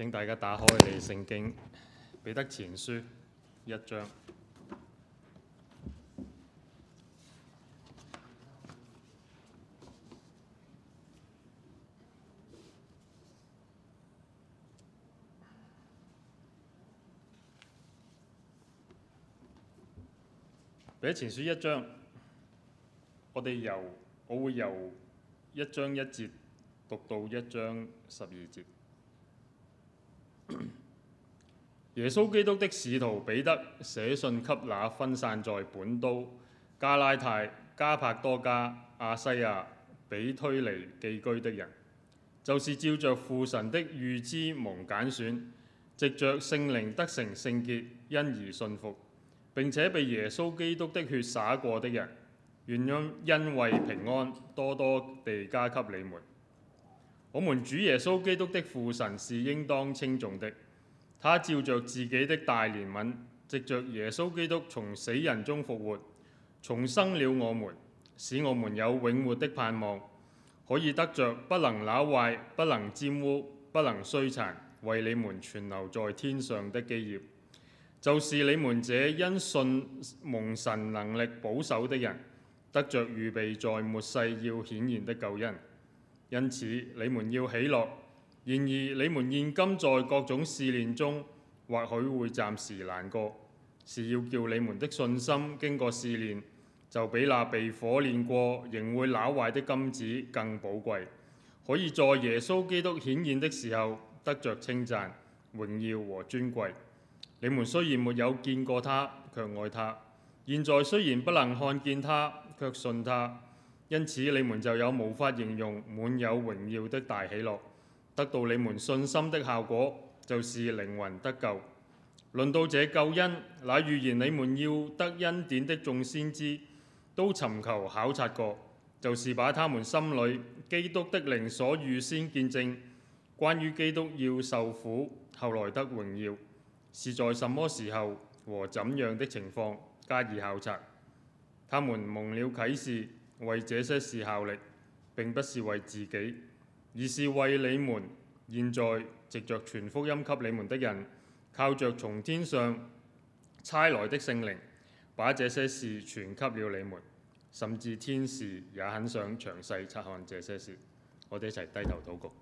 請大家打開《你聖經彼得前書》一章。彼得前書一章，我哋由，我會由一章一節讀到一章十二節。耶穌基督的使徒彼得寫信給那分散在本都、加拉太、加帕多家、亞西亞、比推尼寄居的人，就是照着父神的預知蒙揀選，藉着聖靈得成聖潔，因而信服並且被耶穌基督的血灑過的人，願恩惠平安多多地加給你們。我們主耶穌基督的父神是應當稱頌的。他照着自己的大憐憫，藉着耶穌基督從死人中復活，重生了我們，使我們有永活的盼望，可以得着不能朽壞、不能沾污、不能衰殘，為你們存留在天上的基業，就是你們這因信蒙神能力保守的人，得着預備在末世要顯現的救恩。因此你們要喜樂。然而，你們現今在各種試煉中，或許會暫時難過，是要叫你們的信心經過試煉，就比那被火煉過，仍會朽壞的金子更寶貴，可以在耶穌基督顯現的時候得着稱讚、榮耀和尊貴。你們雖然沒有見過他，卻愛他；現在雖然不能看見他，卻信他。因此，你們就有無法形容、滿有榮耀的大喜樂。得到你們信心的效果，就是靈魂得救。論到這救恩，那預言你們要得恩典的眾先知，都尋求考察過，就是把他們心裏基督的靈所預先見證，關於基督要受苦，後來得榮耀，是在什麼時候和怎樣的情況加以考察。他們蒙了啟示，為這些事效力，並不是為自己。而是為你們現在藉着傳福音給你們的人，靠著從天上差來的聖靈，把這些事傳給了你們，甚至天使也很想詳細察看這些事。我哋一齊低頭禱告，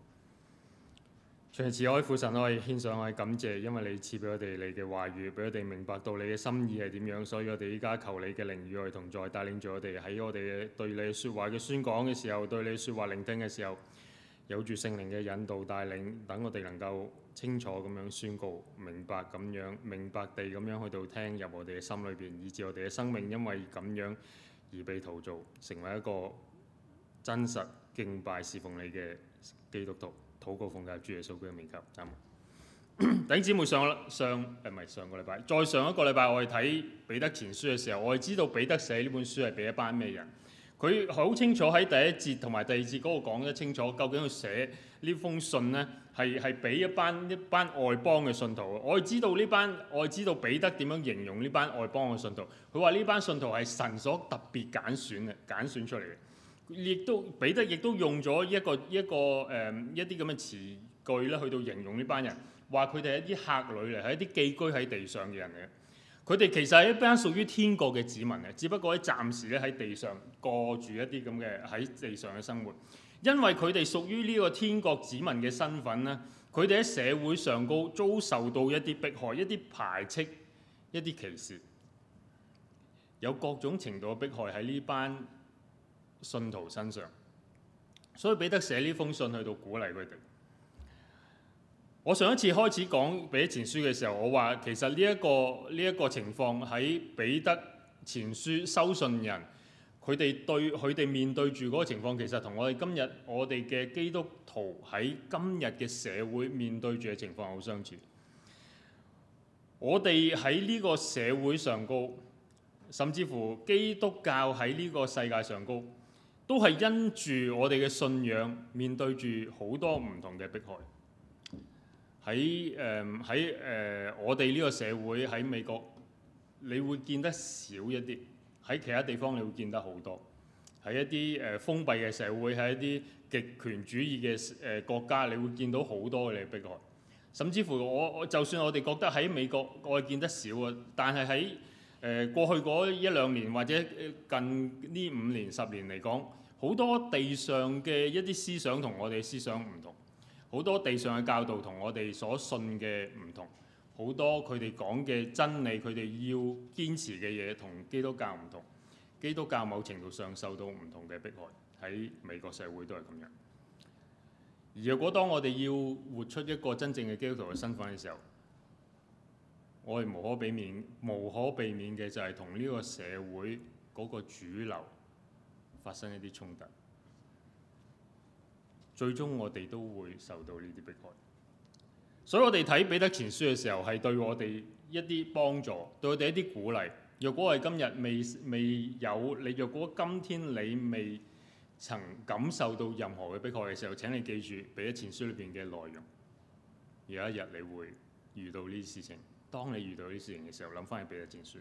長慈愛父神愛，我哋獻上我哋感謝，因為你賜俾我哋你嘅話語，俾我哋明白到你嘅心意係點樣，所以我哋依家求你嘅靈與我同在，帶領住我哋喺我哋對你説話嘅宣講嘅時候，對你説話聆聽嘅時候。有住聖靈嘅引導帶領，等我哋能夠清楚咁樣宣告，明白咁樣，明白地咁樣去到聽入我哋嘅心裏邊，以致我哋嘅生命因為咁樣而被陶造，成為一個真實敬拜侍奉你嘅基督徒，禱告奉耶穌基督名求，阿門。弟兄姊妹，上上唔係上個禮拜，再上一個禮拜，我係睇彼得前書嘅時候，我係知道彼得寫呢本書係俾一班咩人？佢好清楚喺第一節同埋第二節嗰度講得清楚，究竟佢寫呢封信呢係係俾一班一班外邦嘅信徒。我哋知道呢班，我哋知道彼得點樣形容呢班外邦嘅信徒。佢話呢班信徒係神所特別揀選嘅，揀選出嚟嘅。亦都彼得亦都用咗一個一個誒、呃、一啲咁嘅詞句咧，去到形容呢班人，話佢哋係一啲客旅嚟，係一啲寄居喺地上嘅人嚟嘅。佢哋其實係一班屬於天國嘅子民嘅，只不過喺暫時咧喺地上過住一啲咁嘅喺地上嘅生活，因為佢哋屬於呢個天國子民嘅身份咧，佢哋喺社會上高遭受到一啲迫害、一啲排斥、一啲歧視，有各種程度嘅迫害喺呢班信徒身上，所以彼得寫呢封信去到鼓勵佢哋。我上一次開始講彼得前書嘅時候，我話其實呢一個呢一個情況喺彼得前書收信人佢哋對佢哋面對住嗰個情況，其實同我哋今日我哋嘅基督徒喺今日嘅社會面對住嘅情況好相似。我哋喺呢個社會上高，甚至乎基督教喺呢個世界上高，都係因住我哋嘅信仰面對住好多唔同嘅迫害。喺誒喺誒我哋呢個社會喺美國，你會見得少一啲；喺其他地方你會見得好多。喺一啲誒、呃、封閉嘅社會，喺一啲極權主義嘅誒、呃、國家，你會見到好多嘅你迫害。甚至乎我我就算我哋覺得喺美國我係見得少啊，但係喺誒過去嗰一兩年或者近呢五年十年嚟講，好多地上嘅一啲思想同我哋思想唔同。好多地上嘅教導同我哋所信嘅唔同，好多佢哋講嘅真理，佢哋要堅持嘅嘢同基督教唔同。基督教某程度上受到唔同嘅迫害，喺美國社會都係咁樣。而如果當我哋要活出一個真正嘅基督徒嘅身份嘅時候，我哋無可避免、無可避免嘅就係同呢個社會嗰個主流發生一啲衝突。最終我哋都會受到呢啲迫害，所以我哋睇彼得前書嘅時候係對我哋一啲幫助，對我哋一啲鼓勵。若果我哋今日未未有，你若果今天你未曾感受到任何嘅迫害嘅時候，請你記住彼得前書裏邊嘅內容。有一日你會遇到呢啲事情，當你遇到呢啲事情嘅時候，諗翻起彼得前書。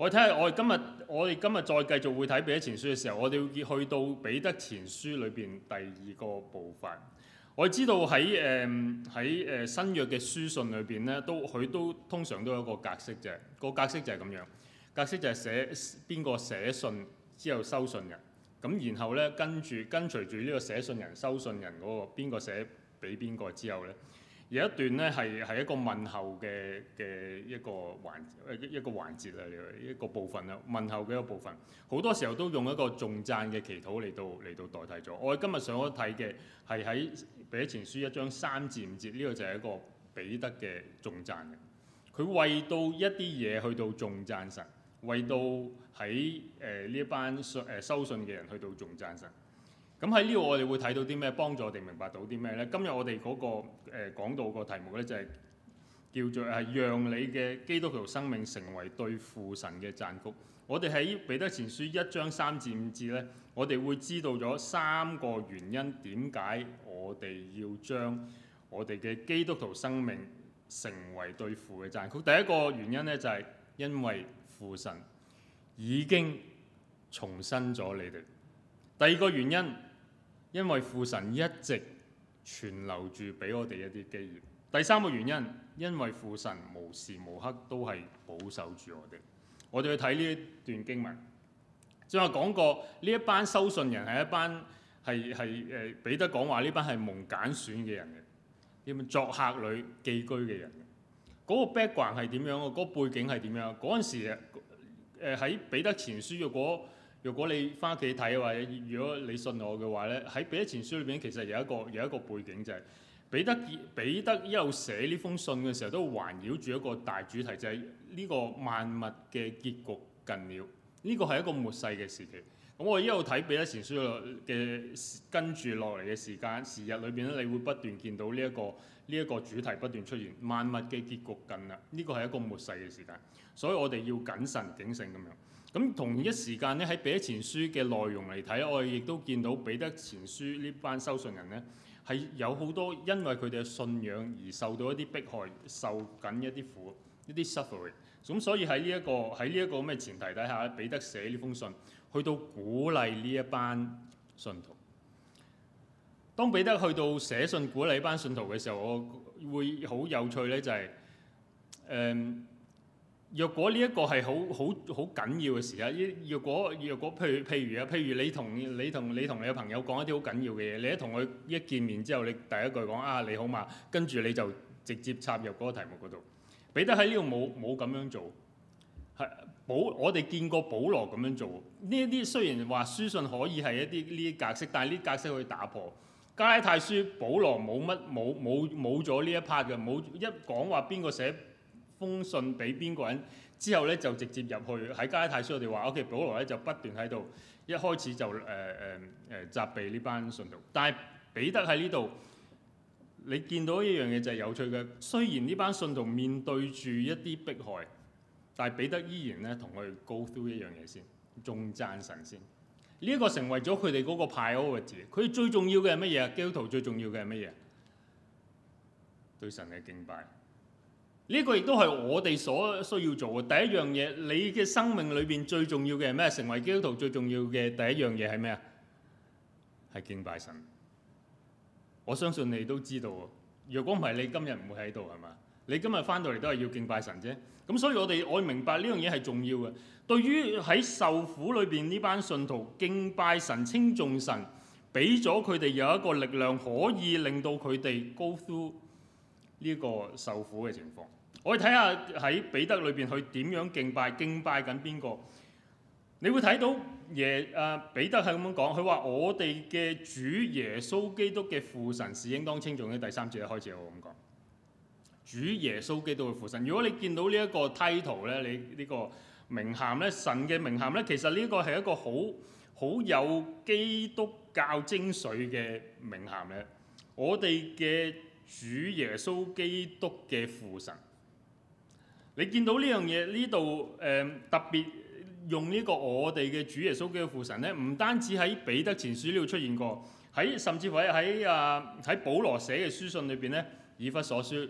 我睇下我哋今日我哋今日再繼續會睇彼得前書嘅時候，我哋要去到彼得前書裏邊第二個部分。我知道喺誒喺誒新約嘅書信裏邊咧，都佢都通常都有一個格式啫。個格式就係咁樣，格式就係寫邊個寫信，之後收信人，咁然後咧跟住跟隨住呢個寫信人收信人嗰個邊個寫俾邊個之後咧。有一段咧係係一個問候嘅嘅一個環一一個環節啊，一個部分啊，問候嘅一個部分，好多時候都用一個頌讚嘅祈禱嚟到嚟到代替咗。我哋今日想睇嘅係喺彼得前書一章三至五節，呢個就係一個彼得嘅頌讚嘅。佢為到一啲嘢去到頌讚神，為到喺誒呢一班誒收、呃、收信嘅人去到頌讚神。咁喺呢度我哋會睇到啲咩幫助我哋明白到啲咩呢？今日我哋嗰、那個誒講、呃、到個題目呢，就係、是、叫做係讓你嘅基督徒生命成為對父神嘅讚曲。我哋喺彼得前書一章三至五節呢，我哋會知道咗三個原因點解我哋要將我哋嘅基督徒生命成為對父嘅讚曲。第一個原因呢，就係、是、因為父神已經重生咗你哋。第二個原因，因為父神一直存留住俾我哋一啲基業。第三個原因，因為父神無時無刻都係保守住我哋。我哋去睇呢一段經文，正話講過呢一班收信人係一班係係誒彼得講話呢班係蒙揀選嘅人嘅，叫作客旅寄居嘅人。嗰個 background 係點樣？嗰個背景係點樣？嗰陣時喺彼得前書嘅嗰。如果如果你翻屋企睇嘅話，如果你信我嘅話咧，喺彼得前書裏邊其實有一個有一個背景就係彼得彼得一路寫呢封信嘅時候都環繞住一個大主題，就係、是、呢個萬物嘅結局近了。呢個係一個末世嘅時期。咁我一路睇彼得前書落嘅跟住落嚟嘅時間時日裏邊咧，你會不斷見到呢、這、一個呢一、這個主題不斷出現，萬物嘅結局近啦。呢個係一個末世嘅時間，所以我哋要謹慎警醒咁樣。咁同一時間咧，喺彼得前書嘅內容嚟睇，我亦都見到彼得前書呢班收信人咧，係有好多因為佢哋嘅信仰而受到一啲迫害，受緊一啲苦，一啲 suffering。咁所以喺呢一個喺呢一個咩前提底下，彼得寫呢封信，去到鼓勵呢一班信徒。當彼得去到寫信鼓勵呢班信徒嘅時候，我會好有趣咧，就係，就係誒。若果呢一個係好好好緊要嘅事，啊！若果若果譬如譬如啊，譬如你同你同你同你嘅朋友講一啲好緊要嘅嘢，你一同佢一見面之後，你第一句講啊，你好嘛？跟住你就直接插入嗰個題目嗰度。彼得喺呢度冇冇咁樣做，係保我哋見過保羅咁樣做。呢一啲雖然話書信可以係一啲呢啲格式，但係呢格式可以打破。加拉太書保羅冇乜冇冇冇咗呢一 part 嘅，冇一講話邊個寫封信俾邊個人之後咧，就直接入去喺加拉太書我，我哋話：O.K. 保羅咧就不斷喺度，一開始就誒誒誒責備呢班信徒。但係彼得喺呢度，你見到一樣嘢就係有趣嘅。雖然呢班信徒面對住一啲迫害，但係彼得依然咧同佢哋 go through 一樣嘢先，仲讚神先。呢、這、一個成為咗佢哋嗰個 priority。佢最重要嘅係乜嘢？基督徒最重要嘅係乜嘢？對神嘅敬拜。呢個亦都係我哋所需要做嘅第一樣嘢。你嘅生命裏邊最重要嘅係咩？成為基督徒最重要嘅第一樣嘢係咩啊？係敬拜神。我相信你都知道。若果唔係，你今日唔會喺度係嘛？你今日翻到嚟都係要敬拜神啫。咁所以我哋我明白呢樣嘢係重要嘅。對於喺受苦裏邊呢班信徒，敬拜神、稱重神，俾咗佢哋有一個力量，可以令到佢哋 go through 呢個受苦嘅情況。我哋睇下喺彼得裏邊，佢點樣敬拜？敬拜緊邊個？你會睇到耶啊，彼得係咁樣講，佢話我哋嘅主耶穌基督嘅父神是應當稱頌的。喺第三節開始我咁講。主耶穌基督嘅父神，如果你見到呢一個 title 咧，你呢個名銜咧，神嘅名銜咧，其實呢個係一個好好有基督教精髓嘅名銜咧。我哋嘅主耶穌基督嘅父神。你見到呢樣嘢，呢度誒特別用呢個我哋嘅主耶穌基督父神咧，唔單止喺彼得前書呢度出現過，喺甚至乎喺喺啊喺保羅寫嘅書信裏邊咧，以弗所書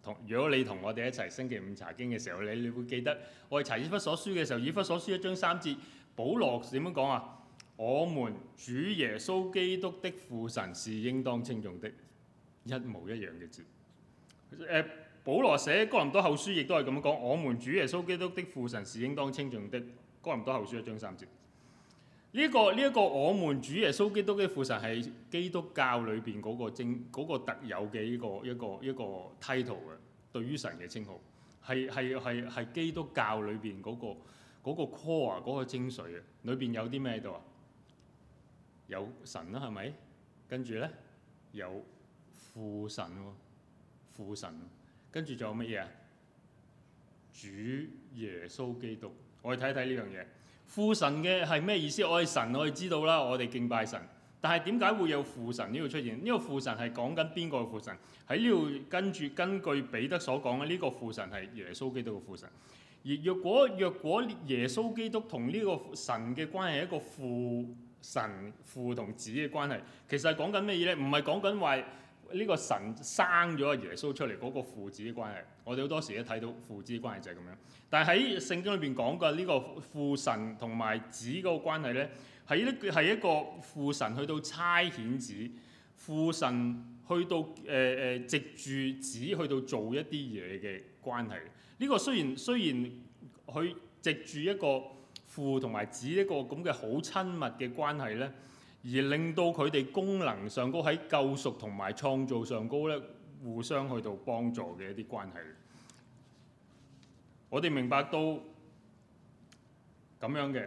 同如果你同我哋一齊星期五查經嘅時候，你你會記得我哋查以弗所書嘅時候，以弗所書一章三節，保羅點樣講啊？我們主耶穌基督的父神是應當稱頌的，一模一樣嘅字誒。呃保羅寫哥林多後書，亦都係咁樣講。我們主耶穌基督的父神是應當稱頌的。哥林多後書一章三節，呢個呢一個我們主耶穌基督嘅父神係基督教裏邊嗰、嗰個精、嗰個嗰個特有嘅一個一個一個 title 嘅。對於神嘅稱號，係係係係基督教裏邊嗰、嗰個、嗰個 core 嗰個精髓嘅。裏邊有啲咩喺度啊？有神啊，係咪？跟住咧有父神、啊，父神、啊。跟住仲有乜嘢啊？主耶穌基督，我哋睇一睇呢樣嘢。父神嘅係咩意思？我愛神，我哋知道啦。我哋敬拜神，但係點解會有父神呢度出現？呢個父神係講緊邊個嘅父神？喺呢度跟住根據彼得所講嘅呢個父神係耶穌基督嘅父神。而若果若果耶穌基督同呢個神嘅關係係一個父神父同子嘅關係，其實係講緊咩嘢咧？唔係講緊話，呢個神生咗個耶穌出嚟嗰個父子嘅關係，我哋好多時都睇到父子嘅關係就係咁樣。但係喺聖經裏邊講嘅呢個父神同埋子嗰個關係咧，係一係一個父神去到差遣子，父神去到誒誒、呃、藉住子去到做一啲嘢嘅關係。呢、這個雖然雖然佢藉住一個父同埋子一個咁嘅好親密嘅關係咧。而令到佢哋功能上高喺救贖同埋創造上高咧，互相去到幫助嘅一啲關係。我哋明白到咁樣嘅《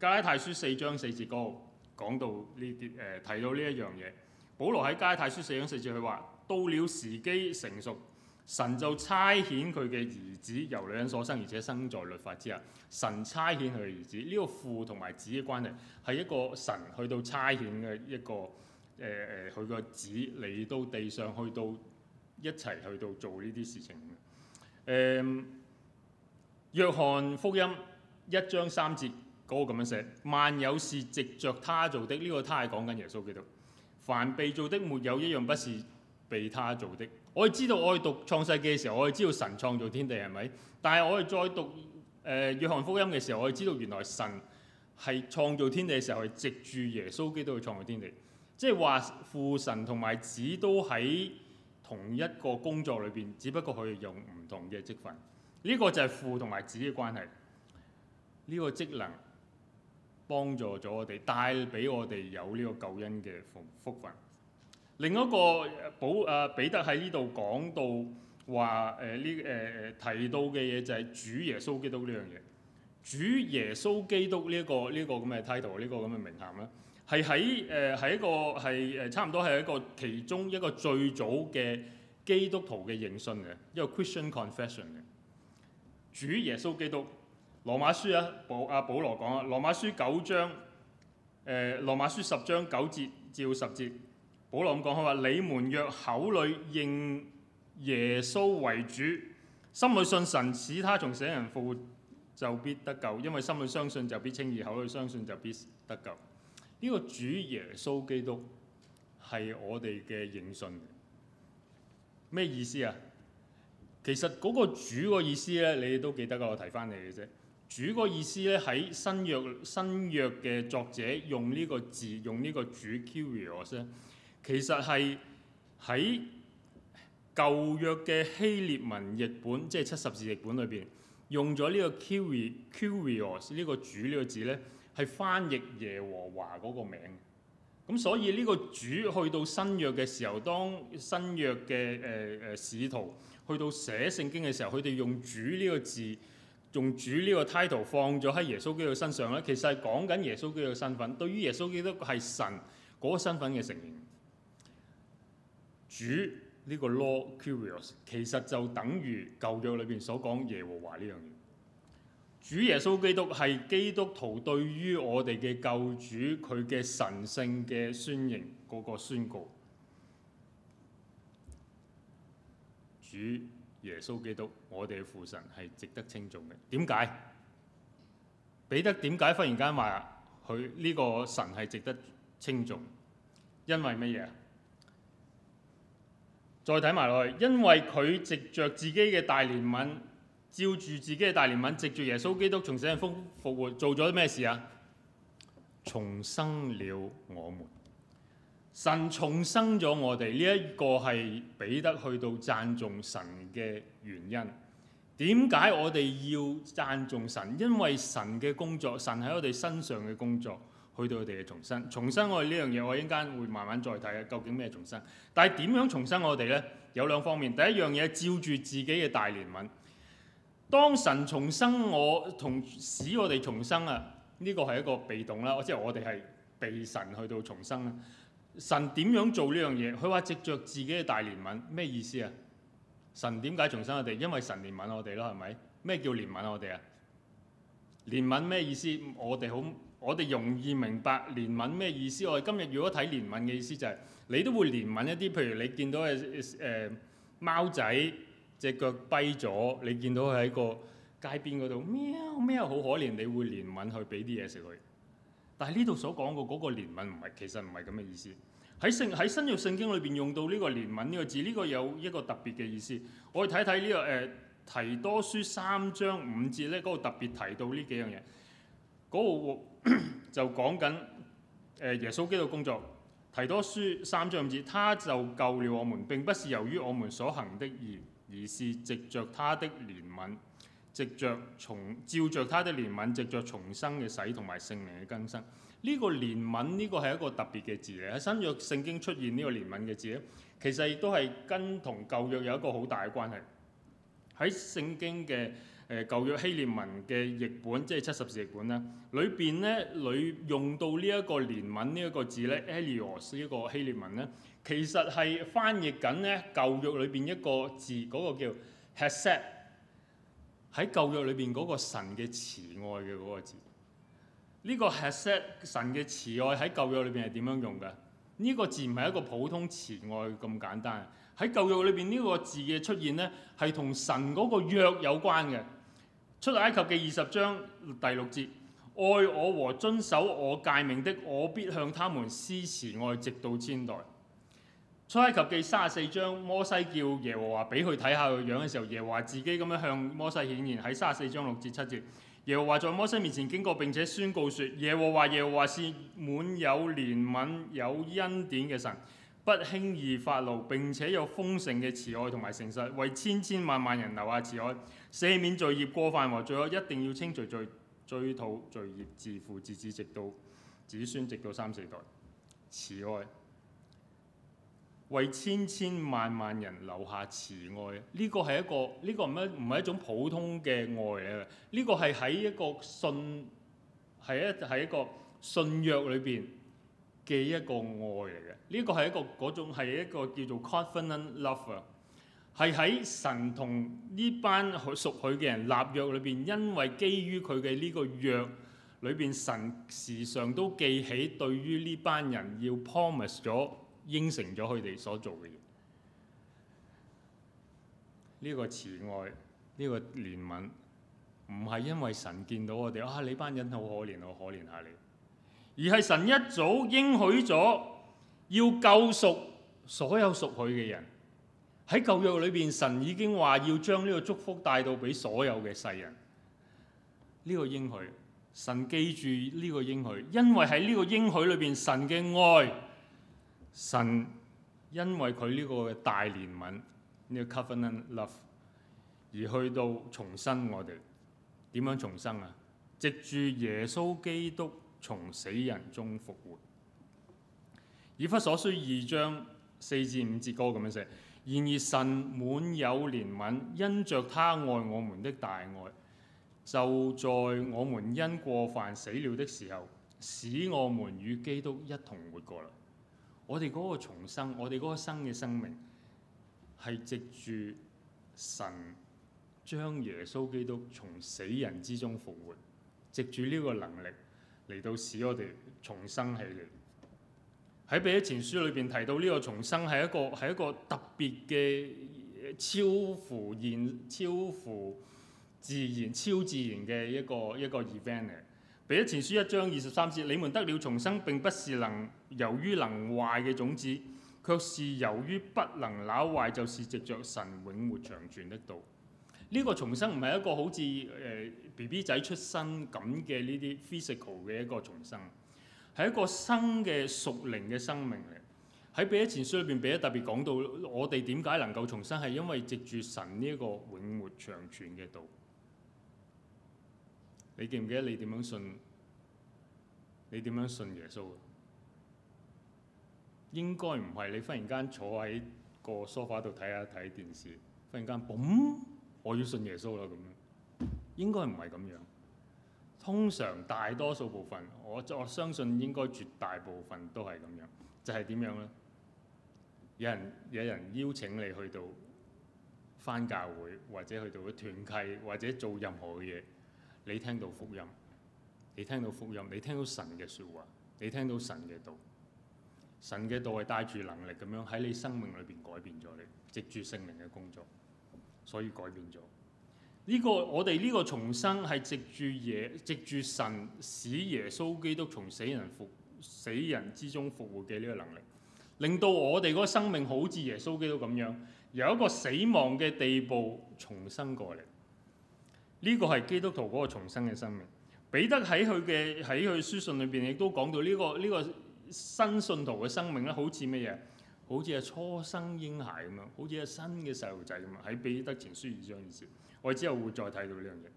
加拉太書》四章四節嗰度講到呢啲誒，提到呢一樣嘢。保羅喺《加拉太書》四章四節佢話：到了時機成熟。神就差遣佢嘅兒子由女人所生，而且生在律法之下。神差遣佢嘅兒子，呢、這個父同埋子嘅關係係一個神去到差遣嘅一個誒誒，佢、呃、個子嚟到地上去到一齊去到做呢啲事情。誒、嗯，約翰福音一章三節嗰、那個咁樣寫：萬有是藉著他做的，呢、這個他係講緊耶穌基督。凡被做的沒有一樣不是被他做的。我哋知道，我哋讀創世記嘅時候，我哋知道神創造天地係咪？但係我哋再讀誒約翰福音嘅時候，我哋知道原來神係創造天地嘅時候係藉住耶穌基督去創造天地，即係話父神同埋子都喺同一個工作裏邊，只不過佢哋用唔同嘅職分。呢、這個就係父同埋子嘅關係。呢、這個職能幫助咗我哋，帶俾我哋有呢個救恩嘅福福分。另一個保啊，彼得喺呢度講到話，誒呢、誒誒提到嘅嘢就係主耶穌基督呢樣嘢，主耶穌基督呢、呃、一個呢一個咁嘅 title 呢個咁嘅名銜咧，係喺誒係一個係誒差唔多係一個其中一個最早嘅基督徒嘅認信嘅一個 Christian confession 嘅，主耶穌基督。羅馬書啊保阿保羅講啊，羅馬書九章誒羅馬書十章九節照十節。唔好咁講，佢話：你們若口裏認耶穌為主，心裏信神，使他從死人復活，就必得救。因為心裏相信就必稱義，口裏相信就必得救。呢、這個主耶穌基督係我哋嘅認信。咩意思啊？其實嗰個主個意思咧，你都記得噶，我提翻你嘅啫。主個意思咧，喺新約新約嘅作者用呢個字，用呢個主 （curios） 咧。其實係喺舊約嘅希臘文譯本，即係七十士譯本裏邊，用咗呢個 curious 呢個主呢個字呢，係翻譯耶和華嗰個名。咁所以呢個主去到新約嘅時候，當新約嘅誒誒使徒去到寫聖經嘅時候，佢哋用主呢個字，用主呢個 title 放咗喺耶穌基督身上咧，其實係講緊耶穌基督身份。對於耶穌基督係神嗰個身份嘅承認。主呢、呢個 law curious 其實就等於舊約裏邊所講耶和華呢樣嘢。主耶穌基督係基督徒對於我哋嘅救主佢嘅神性嘅宣認嗰、嗰個宣告。主耶穌基督，我哋嘅父神係值得稱重嘅。點解？彼得點解忽然間話佢呢個神係值得稱重？因為乜嘢？再睇埋落去，因為佢藉着自己嘅大憐憫，照住自己嘅大憐憫，藉住耶穌基督從死人復復活，做咗啲咩事啊？重生了我們，神重生咗我哋，呢一個係彼得去到讚頌神嘅原因。點解我哋要讚頌神？因為神嘅工作，神喺我哋身上嘅工作。去到我哋嘅重生，重生我哋呢樣嘢，我一陣間會慢慢再睇啊，究竟咩重生？但係點樣重生我哋呢？有兩方面，第一樣嘢，照住自己嘅大憐憫。當神重生我，同使我哋重生啊，呢個係一個被動啦，即係我哋係被神去到重生啊。神點樣做呢樣嘢？佢話藉著自己嘅大憐憫，咩意思啊？神點解重生我哋？因為神憐憫我哋咯，係咪？咩叫憐憫我哋啊？憐憫咩意思？我哋好。我哋容易明白憐憫咩意思？我哋今日如果睇憐憫嘅意思就係、是、你都會憐憫一啲，譬如你見到誒誒、呃、貓仔隻腳跛咗，你見到佢喺個街邊嗰度喵喵好可憐，你會憐憫去俾啲嘢食佢。但係呢度所講嘅嗰個憐憫唔係，其實唔係咁嘅意思。喺聖喺新約聖經裏邊用到呢個憐憫呢個字，呢、這個有一個特別嘅意思。我哋睇睇呢個誒、呃、提多書三章五節咧，嗰、那個特別提到呢幾樣嘢，嗰、那個。就講緊耶穌基督工作，提多書三章五節，他就救了我們，並不是由於我們所行的義，而而是藉着他的憐憫，藉着從照着他的憐憫，藉着重生嘅洗同埋聖靈嘅更新。呢、呢個憐憫呢個係一個特別嘅字嚟，喺新約聖經出現呢個憐憫嘅字，其實亦都係跟同舊約有一個好大嘅關係。喺聖經嘅誒舊約希臘文嘅譯本，即係七十士譯本咧，裏邊咧裏用到呢一 個憐憫呢一個字咧，Elios 呢個希臘文咧，其實係翻譯緊咧舊約裏邊一個字，嗰、那個叫 heset 喺舊約裏邊嗰個神嘅慈愛嘅嗰個字。呢、這個 heset 神嘅慈愛喺舊約裏邊係點樣用嘅？呢、這個字唔係一個普通慈愛咁簡單。喺舊約裏邊呢個字嘅出現咧，係同神嗰個約有關嘅。出埃及記二十章第六節，愛我和遵守我誡命的，我必向他們施慈愛，直到千代。出埃及記三十四章，摩西叫耶和華俾佢睇下個樣嘅時候，耶和華自己咁樣向摩西顯現。喺三十四章六節七節，耶和華在摩西面前經過並且宣告說：耶和華耶和華是滿有憐憫有恩典嘅神。不輕易發怒，並且有豐盛嘅慈愛同埋誠實，為千千萬萬人留下慈愛，赦免罪孽過犯和罪惡，一定要清除罪，追討罪孽，自父及子，直到子孫直到三四代，慈愛為千千萬萬人留下慈愛，呢個係一個呢個唔一唔係一種普通嘅愛嚟嘅，呢個係喺一個信係一係一個信約裏邊，嘅一個愛嚟嘅，呢個係一個嗰種係一個叫做 covenant love 啊，係喺神同呢班屬佢嘅人立約裏邊，因為基於佢嘅呢個約裏邊，神時常都記起對於呢班人要 promise 咗應承咗佢哋所做嘅嘢。呢、這個慈愛，呢、這個憐憫，唔係因為神見到我哋啊，你班人好可憐，好可憐一下你。而係神一早應許咗要救贖所有屬佢嘅人，喺舊約裏邊，神已經話要將呢個祝福帶到俾所有嘅世人。呢個應許，神記住呢個應許，因為喺呢個應許裏邊，神嘅愛，神因為佢呢個大憐憫，呢個 covenant love，而去到重生我哋。點樣重生啊？藉住耶穌基督。從死人中復活，以弗所書二章四至五節歌咁樣寫，然而神滿有憐憫，因着他愛我們的大愛，就在我們因過犯死了的時候，使我們與基督一同活過來。我哋嗰個重生，我哋嗰個生嘅生命，係藉住神將耶穌基督從死人之中復活，藉住呢個能力。嚟到使我哋重生起嚟。喺《彼得前書》裏邊提到呢個重生係一個係一個特別嘅超乎現超乎自然超自然嘅一個一個 event。彼得前書一章二十三節：你們得了重生，並不是能由於能壞嘅種子，卻是由於不能朽壞，就是藉着神永活長存的道。呢個重生唔係一個好似誒 B B 仔出生咁嘅呢啲 physical 嘅一個重生，係一個新嘅屬靈嘅生命嚟。喺《彼得前書》裏邊，彼得特別講到，我哋點解能夠重生，係因為藉住神呢一個永活長存嘅道。你記唔記得你點樣信？你點樣信耶穌？應該唔係你忽然間坐喺個梳化度睇下睇電視，忽然間 boom 我要信耶穌啦咁，應該唔係咁樣。通常大多數部分，我我相信應該絕大部分都係咁樣。就係點樣呢？有人有人邀請你去到返教會，或者去到團契，或者做任何嘅嘢，你聽到福音，你聽到福音，你聽到神嘅説話，你聽到神嘅道，神嘅道係帶住能力咁樣喺你生命裏邊改變咗你，藉住聖靈嘅工作。所以改變咗呢個，我哋呢個重生係藉住耶藉住神使耶穌基督從死人復死人之中復活嘅呢個能力，令到我哋嗰個生命好似耶穌基督咁樣，由一個死亡嘅地步重生過嚟。呢個係基督徒嗰個重生嘅生命。彼得喺佢嘅喺佢書信裏邊亦都講到呢個呢個新信徒嘅生命咧，好似乜嘢？好似係初生嬰孩咁樣，好似係新嘅細路仔咁樣，喺彼得前書二章嘅時候，我之後會再睇到呢樣嘢。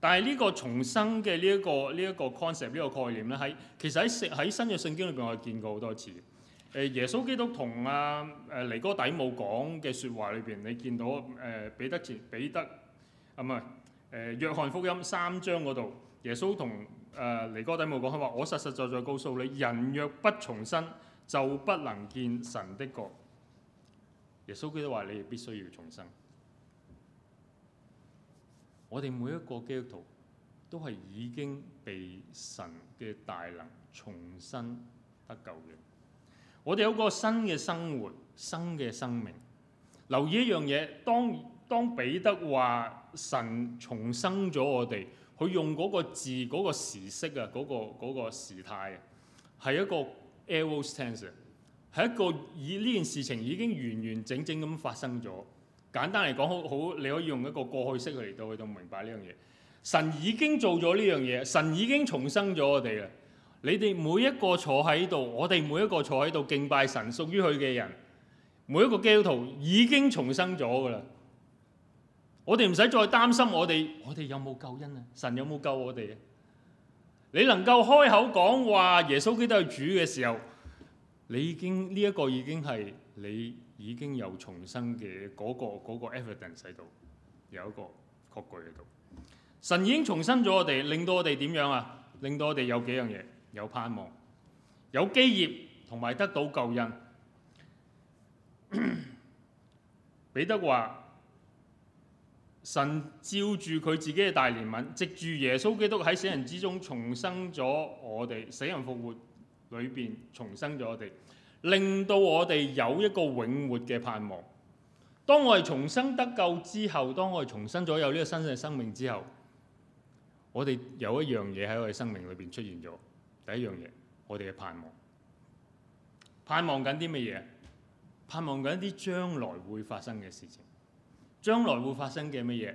但係呢個重生嘅呢一個呢一個 concept 呢個概念咧，喺其實喺喺新約聖經裏邊，我見過好多次。誒耶穌基督同阿誒尼哥底母講嘅説話裏邊，你見到誒、呃、彼得前彼得啊唔係誒約翰福音三章嗰度，耶穌同誒、啊、尼哥底母講佢話：我實實在在告訴你，人若不重生，就不能見神的國。耶穌基督話：你哋必須要重生。我哋每一個基督徒都係已經被神嘅大能重新得救嘅。我哋有個新嘅生活、新嘅生命。留意一樣嘢，當當彼得話神重生咗我哋，佢用嗰個字、嗰個時式啊、嗰個嗰個時態，係一個。Aorist tense 係一個以呢件事情已經完完整整咁發生咗。簡單嚟講，好好你可以用一個過去式嚟到，去到明白呢樣嘢。神已經做咗呢樣嘢，神已經重生咗我哋啦。你哋每一個坐喺度，我哋每一個坐喺度敬拜神，屬於佢嘅人，每一個基督徒已經重生咗噶啦。我哋唔使再擔心我哋，我哋有冇救恩啊？神有冇救我哋啊？你能夠開口講話耶穌基督係主嘅時候，你已經呢一個已經係你已經有重生嘅嗰個 evidence 喺度，有一個確據喺度。神已經重生咗我哋，令到我哋點樣啊？令到我哋有幾樣嘢，有盼望，有基業，同埋得到救恩。 彼得話。神照住佢自己嘅大憐憫，藉住耶穌基督喺死人之中重生咗我哋，死人復活裏邊重生咗我哋，令到我哋有一個永活嘅盼望。當我哋重生得救之後，當我哋重生咗有呢個新嘅生、生命之後，我哋有一樣嘢喺我哋生命裏邊出現咗。第一樣嘢，我哋嘅盼望。盼望緊啲乜嘢？盼望緊一啲將來會發生嘅事情。將來會發生嘅乜嘢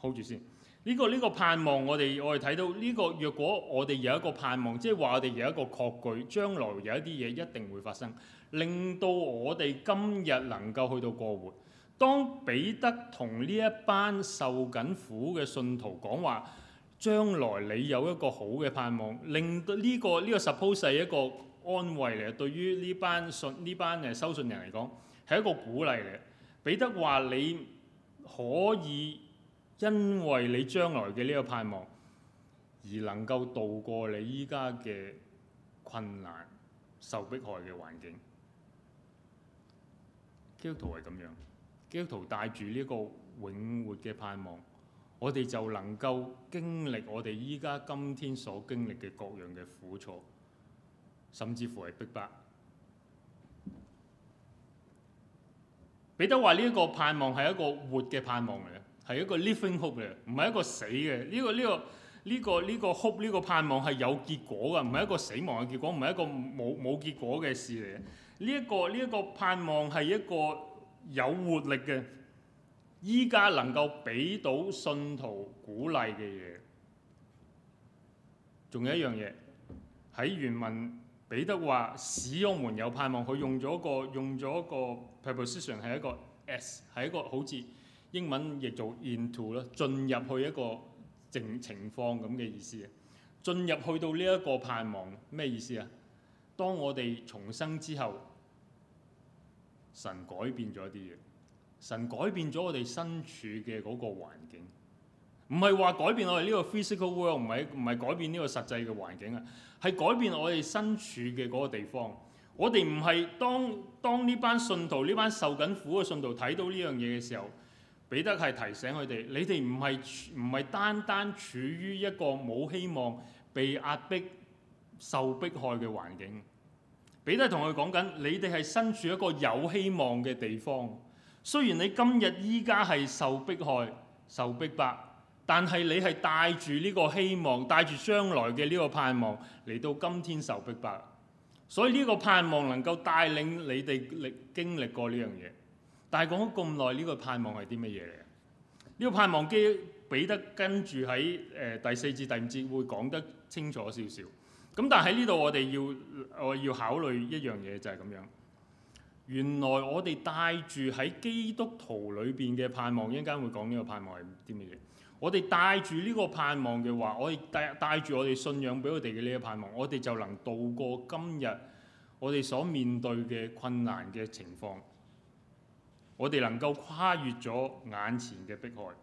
，hold 住先、這個。呢個呢個盼望，我哋我哋睇到呢、這個。若果我哋有一個盼望，即係話我哋有一個確據，將來有一啲嘢一定會發生，令到我哋今日能夠去到過活。當彼得同呢一班受緊苦嘅信徒講話，將來你有一個好嘅盼望，令到呢、這個呢、這個 suppose 係一個安慰嚟。對於呢班信呢班誒收信人嚟講，係一個鼓勵嚟。彼得話你。可以因為你將來嘅呢個盼望，而能夠度過你依家嘅困難、受迫害嘅環境。基督徒係咁樣，基督徒帶住呢個永活嘅盼望，我哋就能夠經歷我哋依家今天所經歷嘅各樣嘅苦楚，甚至乎係逼迫。彼得話呢一個盼望係一個活嘅盼望嚟嘅，係一個 living hope 嚟嘅，唔係一個死嘅。呢個呢個呢個呢個 hope 呢個盼望係有結果嘅，唔係一個死亡嘅結果，唔係一個冇冇結果嘅事嚟嘅。呢一個呢一個盼望係一個有活力嘅，依家能夠俾到信徒鼓勵嘅嘢。仲有一樣嘢喺原文。彼得話：使我們有盼望，佢用咗個用咗個 preposition 係一個 s，係一個好似英文譯做 into 啦，進入去一個正情情況咁嘅意思。進入去到呢一個盼望，咩意思啊？當我哋重生之後，神改變咗啲嘢，神改變咗我哋身處嘅嗰個環境。唔係話改變我哋呢個 physical world，唔係唔係改變呢個實際嘅環境啊，係改變我哋身處嘅嗰個地方。我哋唔係，當當呢班信徒，呢班受緊苦嘅信徒睇到呢樣嘢嘅時候，彼得係提醒佢哋：你哋唔係唔係單單處於一個冇希望、被壓迫、受迫害嘅環境。彼得同佢講緊：你哋係身處一個有希望嘅地方，雖然你今日依家係受迫害受逼迫。但係你係帶住呢個希望，帶住將來嘅呢個盼望嚟到今天受逼迫，所以呢個盼望能夠帶領你哋歷經歷過呢樣嘢。但係講咗咁耐，呢個盼望係啲乜嘢嚟？呢個盼望基彼得跟住喺誒第四節第五節會講得清楚少少。咁但係喺呢度我哋要我要考慮一樣嘢就係咁樣。原來我哋帶住喺基督徒裏邊嘅盼望，一陣間會講呢個盼望係啲乜嘢？我哋帶住呢個盼望嘅話，我哋帶帶住我哋信仰俾我哋嘅呢個盼望，我哋就能度過今日我哋所面對嘅困難嘅情況。我哋能夠跨越咗眼前嘅迫害，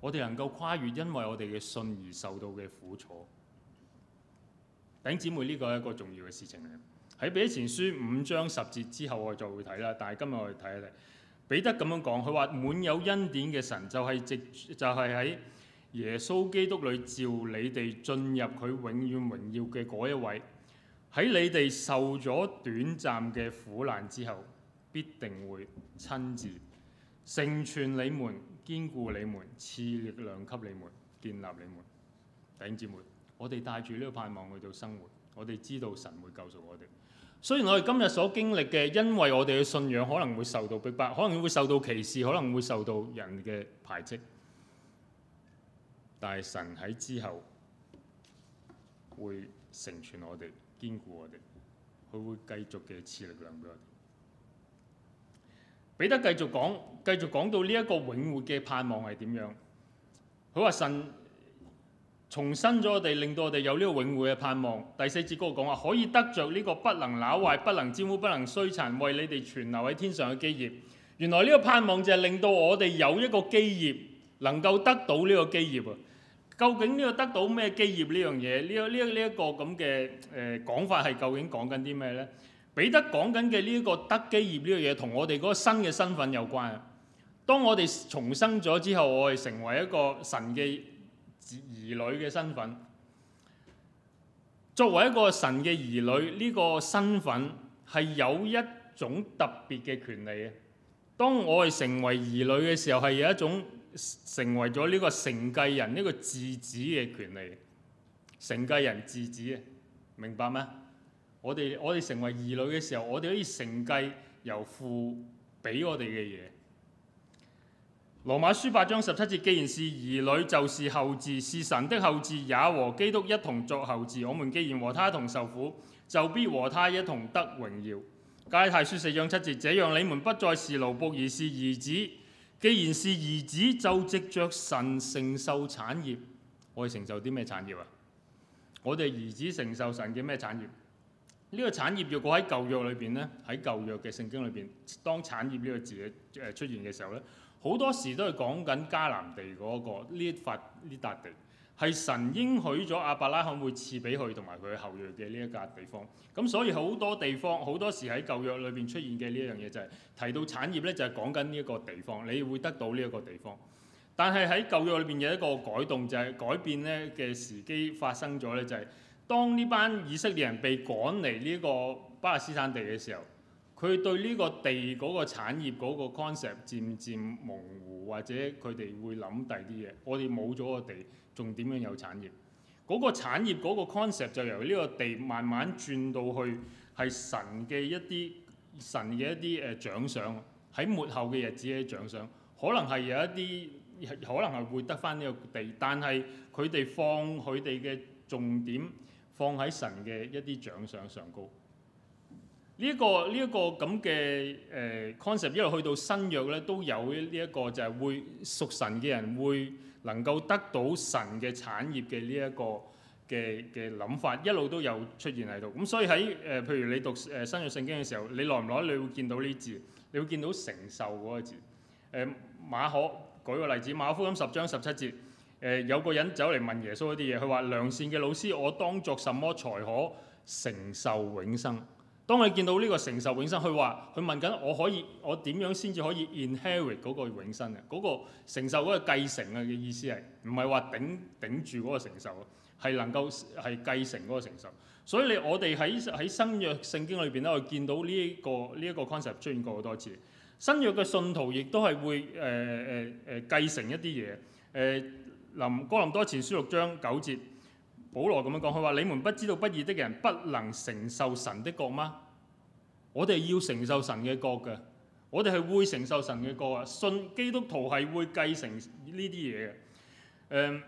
我哋能夠跨越因為我哋嘅信而受到嘅苦楚。弟兄姊妹，呢、這個係一個重要嘅事情嚟。喺彼得前書五章十節之後，我就會睇啦。但係今日我哋睇一睇。彼得咁樣講，佢話滿有恩典嘅神就係、是、直就係、是、喺耶穌基督裏召你哋進入佢永遠榮耀嘅嗰一位，喺你哋受咗短暫嘅苦難之後，必定會親自成全你們、堅固你們、賜力量給你們、建立你們。弟兄姊妹，我哋帶住呢個盼望去到生活，我哋知道神會救助我哋。雖然我哋今日所經歷嘅，因為我哋嘅信仰可能會受到逼迫，可能會受到歧視，可能會受到人嘅排斥。但係神喺之後會成全我哋，堅固我哋，佢會繼續嘅賜力量俾我哋。彼得繼續講，繼續講到呢一個永活嘅盼望係點樣？佢話神，重生咗我哋，令到我哋有呢個永恆嘅盼望。第四節嗰個講話可以得著呢個不能朽壞、不能玷污、不能衰殘，為你哋存留喺天上嘅基業。原來呢個盼望就係令到我哋有一個基業，能夠得到呢個基業。究竟呢個得到咩基業呢樣嘢？呢個呢呢一個咁嘅誒講法係究竟講緊啲咩呢？彼得講緊嘅呢一個得基業呢個嘢，同我哋嗰個新嘅身份有關啊。當我哋重生咗之後，我哋成為一個神嘅兒女嘅身份，作為一個神嘅兒女，呢個身份係有一種特別嘅權利嘅。當我哋成為兒女嘅時候，係有一種成為咗呢個承繼人、呢個嗣子嘅權利，承繼人嗣子嘅，明白咩？我哋我哋成為兒女嘅時候，我哋可以承繼由父俾我哋嘅嘢。羅馬書八章十七節，既然是兒女，就是後嗣；是神的後嗣，也和基督一同作後嗣。」我們既然和他一同受苦，就必和他一同得榮耀。加拉太書四章七節，這樣，你們不再是奴僕，而是兒子。既然是兒子，就藉着神承受產業。我哋承受啲咩產業啊？我哋兒子承受神嘅咩產業？呢、呢個產業若果喺舊約裏邊呢，喺舊約嘅聖經裏邊，當產業呢個字出現嘅時候呢。」好多時都係講緊迦南地嗰、那個呢塊呢笪地，係神應許咗亞伯拉罕會賜俾佢同埋佢後裔嘅呢一笪地方。咁所以好多地方，好多時喺舊約裏邊出現嘅呢一樣嘢就係、是、提到產業咧，就係講緊呢一個地方，你會得到呢一個地方。但係喺舊約裏邊有一個改動就係、是、改變咧嘅時機發生咗咧、就是，就係當呢班以色列人被趕嚟呢個巴勒斯坦地嘅時候。佢對呢個地嗰個產業嗰個 concept 漸漸模糊，或者佢哋會諗第二啲嘢。我哋冇咗個地，仲點樣有產業？嗰、嗰個產業嗰個 concept 就由呢個地慢慢轉到去係神嘅一啲神嘅一啲誒獎賞，喺、呃、末後嘅日子嘅獎賞。可能係有一啲，可能係會得返呢個地，但係佢哋放佢哋嘅重點放喺神嘅一啲獎賞上高。呢、這個、這個呢一個咁嘅誒 concept 一路去到新約咧，都有呢、這、一個就係、是、會屬神嘅人會能夠得到神嘅產業嘅呢一個嘅嘅諗法，一路都有出現喺度。咁所以喺誒、呃，譬如你讀誒、呃、新約聖經嘅時候，你耐唔耐你會見到呢字，你會見到承受嗰個字。誒、呃、馬可舉個例子，馬可福音十章十七節，誒、呃、有個人走嚟問耶穌一啲嘢，佢話：良善嘅老師，我當作什麼才可承受永生？當你見到呢個承受永生，佢話佢問緊：我可以我點樣先至可以 inherit 嗰個永生嘅？嗰個承受嗰個繼承啊嘅意思係唔係話頂頂住嗰個承受啊？係能夠係繼承嗰個承受。所以你我哋喺喺新約聖經裏邊咧，我見到呢個呢一個 concept 出現過好多次。新約嘅信徒亦都係會誒誒誒繼承一啲嘢。誒林哥林多前書六章九節。保羅咁樣講，佢話：你們不知道不義的人不能承受神的國嗎？我哋要承受神嘅國㗎，我哋係會承受神嘅國啊！信基督徒係會繼承呢啲嘢嘅。誒、嗯，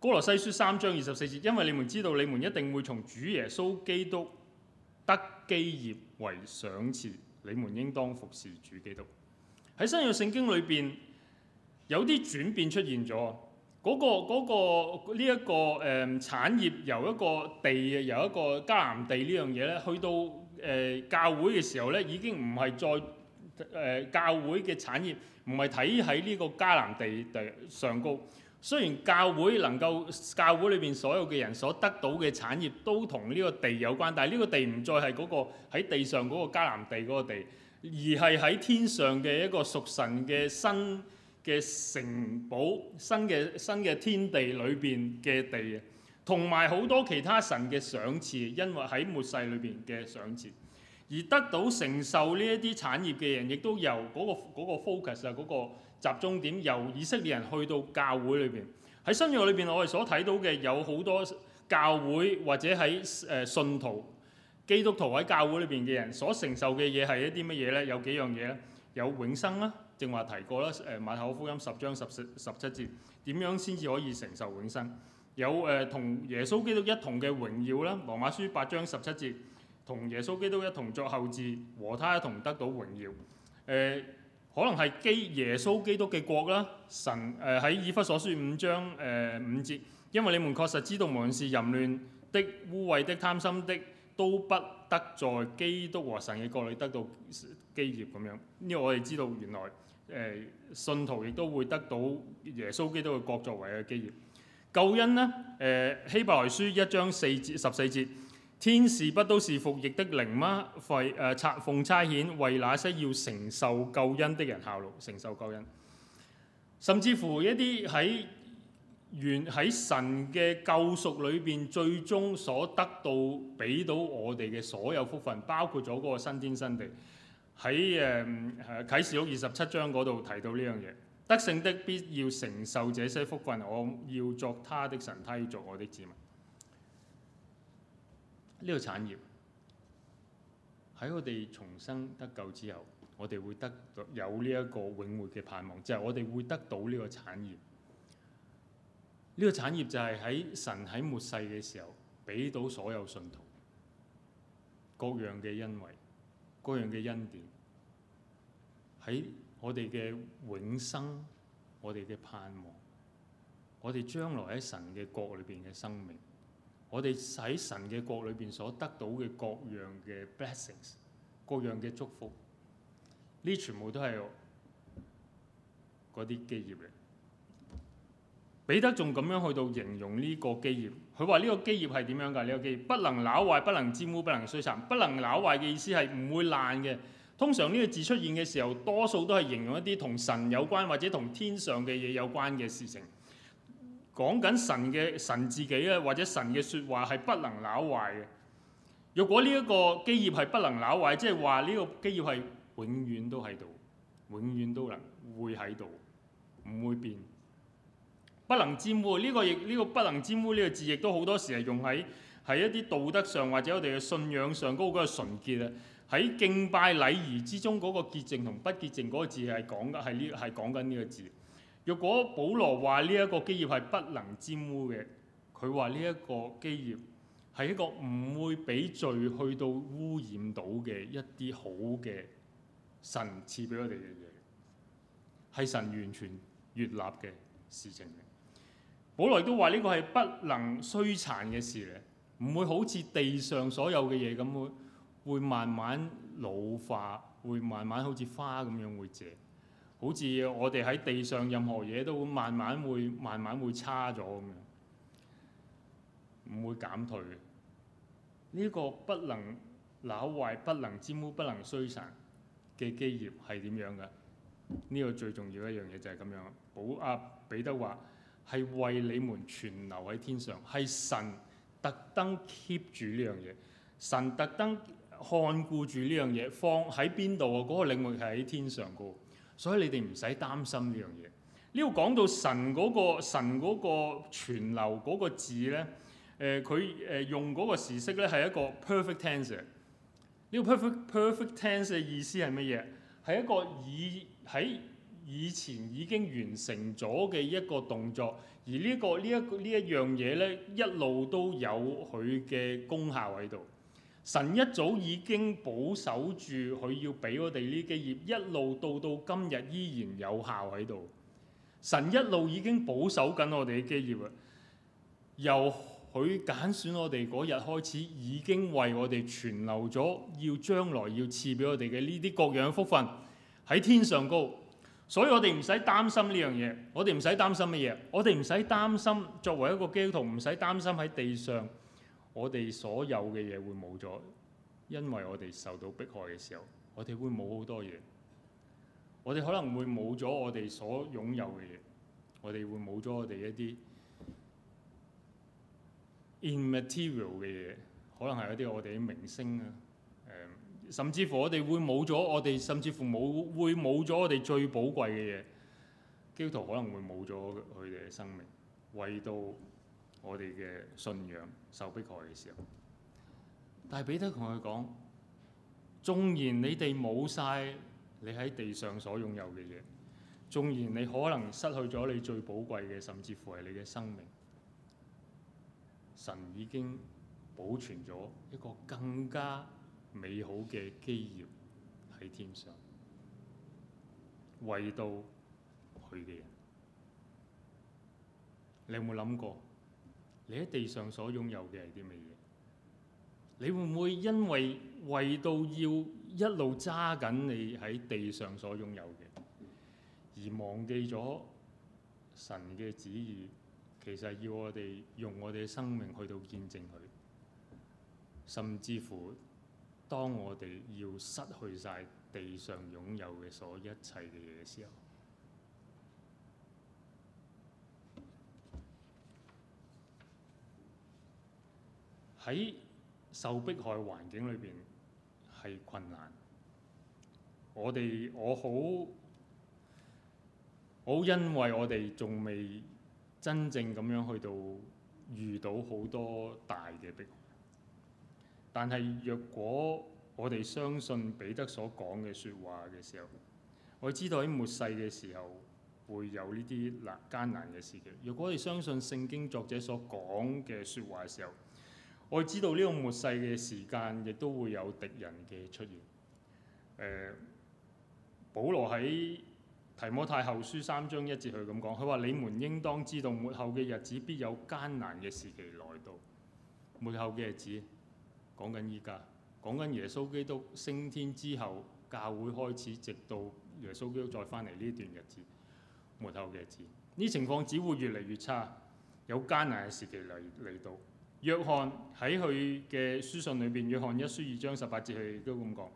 哥羅西書三章二十四節，因為你們知道，你們一定會從主耶穌基督得基業為賞賜，你們應當服侍主基督。喺新約聖經裏邊，有啲轉變出現咗。嗰個嗰個呢一個誒產業，由一個地，由一個迦南地呢樣嘢咧，去到誒教會嘅時候咧，已經唔係再誒教會嘅產業，唔係睇喺呢個迦南地地上高。雖然教會能夠教會裏邊所有嘅人所得到嘅產業都同呢個地有關，但係呢個地唔再係嗰個喺地上嗰個迦南地嗰個地，而係喺天上嘅一個屬神嘅新嘅城堡、新嘅新嘅天地裏邊嘅地，同埋好多其他神嘅賞賜，因為喺末世裏邊嘅賞賜，而得到承受呢一啲產業嘅人，亦都由嗰個嗰個 focus 啊嗰個集中點，由以色列人去到教會裏邊。喺新約裏邊，我哋所睇到嘅有好多教會或者喺誒信徒基督徒喺教會裏邊嘅人所承受嘅嘢係一啲乜嘢咧？有幾樣嘢咧？有永生啦。正話提過啦，誒馬可福音十章十四十七節，點樣先至可以承受永生？有誒、呃、同耶穌基督一同嘅榮耀啦，《羅馬書》八章十七節，同耶穌基督一同作後嗣，和他一同得到榮耀。誒、呃、可能係基耶穌基督嘅國啦，神誒喺、呃、以弗所書五章誒、呃、五節，因為你們確實知道，無論是淫亂的、污穢的、貪心的，都不得在基督和神嘅國裏得到基業咁樣。因為我哋知道原來。信徒亦都會得到耶穌基督嘅國作為嘅基業，救恩呢，誒希伯來書一章四至十四節，天使不都是服役的靈嗎？廢誒奉差遣為那些要承受救恩的人效勞，承受救恩。甚至乎一啲喺原喺神嘅救贖裏邊，最終所得到俾到我哋嘅所有福分，包括咗嗰個新天新地。喺誒啟示錄二十七章嗰度提到呢樣嘢，得勝的必要承受這些福分。我要作他的神，他要作我的子民。呢、這個產業喺我哋重生得救之後，我哋會得有呢一個永活嘅盼望，就係、是、我哋會得到呢個產業。呢、這個產業就係喺神喺末世嘅時候，俾到所有信徒各樣嘅恩惠。各樣嘅恩典，喺我哋嘅永生，我哋嘅盼望，我哋將來喺神嘅國裏邊嘅生命，我哋喺神嘅國裏邊所得到嘅各樣嘅 blessings，各樣嘅祝福，呢全部都係嗰啲基業嚟。彼得仲咁樣去到形容呢個基業，佢話呢個基業係點樣㗎？呢、這個基業不能朽壞，不能沾污，不能摧殘。不能朽壞嘅意思係唔會爛嘅。通常呢個字出現嘅時候，多數都係形容一啲同神有關或者同天上嘅嘢有關嘅事情。講緊神嘅神自己啊，或者神嘅説話係不能朽壞嘅。如果呢一個基業係不能朽壞，即係話呢個基業係永遠都喺度，永遠都能會喺度，唔會變。.不能沾污呢、呢個亦呢、呢個不能沾污呢個字，亦都好多時係用喺係一啲道德上或者我哋嘅信仰上嗰個純潔啊。喺敬拜禮儀之中嗰個潔淨同不潔淨嗰個字係講係呢，係講緊呢個字。若果保羅話呢一個基業係不能沾污嘅，佢話呢一個基業係一個唔會俾罪去到污染到嘅一啲好嘅神賜俾我哋嘅嘢，係神完全悅納嘅事情。好耐都話呢個係不能衰殘嘅事嚟，唔會好似地上所有嘅嘢咁會，會慢慢老化，會慢慢好似花咁樣會謝，好似我哋喺地上任何嘢都會慢慢會慢慢會差咗咁樣，唔會減退嘅。呢、這個不能朽壞、不能沾污、不能衰殘嘅基業係點樣㗎？呢、這個最重要一樣嘢就係咁樣。保阿、啊、彼得話。係為你們存留喺天上，係神特登 keep 住呢樣嘢，神特登看顧住呢樣嘢，放喺邊度啊？嗰個領域係喺天上噶，所以你哋唔使擔心呢樣嘢。呢度講到神嗰個神嗰個存留嗰個字呢，佢、呃、誒用嗰個時式呢，係一個 perfect tense。呢個 perfect perfect tense 嘅意思係乜嘢？係一個以喺以前已經完成咗嘅一個動作，而呢、這個呢一呢一樣嘢呢，一路都有佢嘅功效喺度。神一早已經保守住佢要俾我哋呢啲基業，一路到到今日依然有效喺度。神一路已經保守緊我哋啲基業啊，由佢揀選我哋嗰日開始，已經為我哋存留咗，要將來要賜俾我哋嘅呢啲各樣福分喺天上高。所以我哋唔使擔心呢樣嘢，我哋唔使擔心乜嘢，我哋唔使擔心作為一個基督徒，唔使擔心喺地上我哋所有嘅嘢會冇咗，因為我哋受到迫害嘅時候，我哋會冇好多嘢，我哋可能會冇咗我哋所擁有嘅嘢，我哋會冇咗我哋一啲 immaterial 嘅嘢，可能係一啲我哋嘅名聲啊。甚至乎我哋會冇咗我哋，甚至乎冇會冇咗我哋最寶貴嘅嘢，基督徒可能會冇咗佢哋嘅生命，為到我哋嘅信仰受迫害嘅時候。但係彼得同佢講：「縱然你哋冇晒你喺地上所擁有嘅嘢，縱然你可能失去咗你最寶貴嘅，甚至乎係你嘅生命，神已經保存咗一個更加……美好嘅基業喺天上，為到佢嘅人，你有冇諗過？你喺地上所擁有嘅係啲乜嘢？你會唔會因為為到要一路揸緊你喺地上所擁有嘅，而忘記咗神嘅旨意？其實要我哋用我哋嘅生命去到見證佢，甚至乎。當我哋要失去曬地上擁有嘅所有一切嘅嘢嘅時候，喺受迫害環境裏邊係困難我。我哋我好，我好因為我哋仲未真正咁樣去到遇到好多大嘅迫害。但係，若果我哋相信彼得所講嘅說話嘅時候，我知道喺末世嘅時候會有呢啲難艱難嘅時期。若果我哋相信聖經作者所講嘅說話嘅時候，我知道呢個末世嘅時間亦都會有敵人嘅出現。呃，保羅喺提摩太後書三章一節佢咁講，佢話你們應當知道末後嘅日子必有艱難嘅時期來到。末後嘅日子。講緊依家，講緊耶穌基督升天之後，教會開始，直到耶穌基督再翻嚟呢段日子，末後嘅日子。呢情況只會越嚟越差，有艱難嘅時期嚟嚟到。約翰喺佢嘅書信裏邊，約翰一書二章十八節，佢都咁講：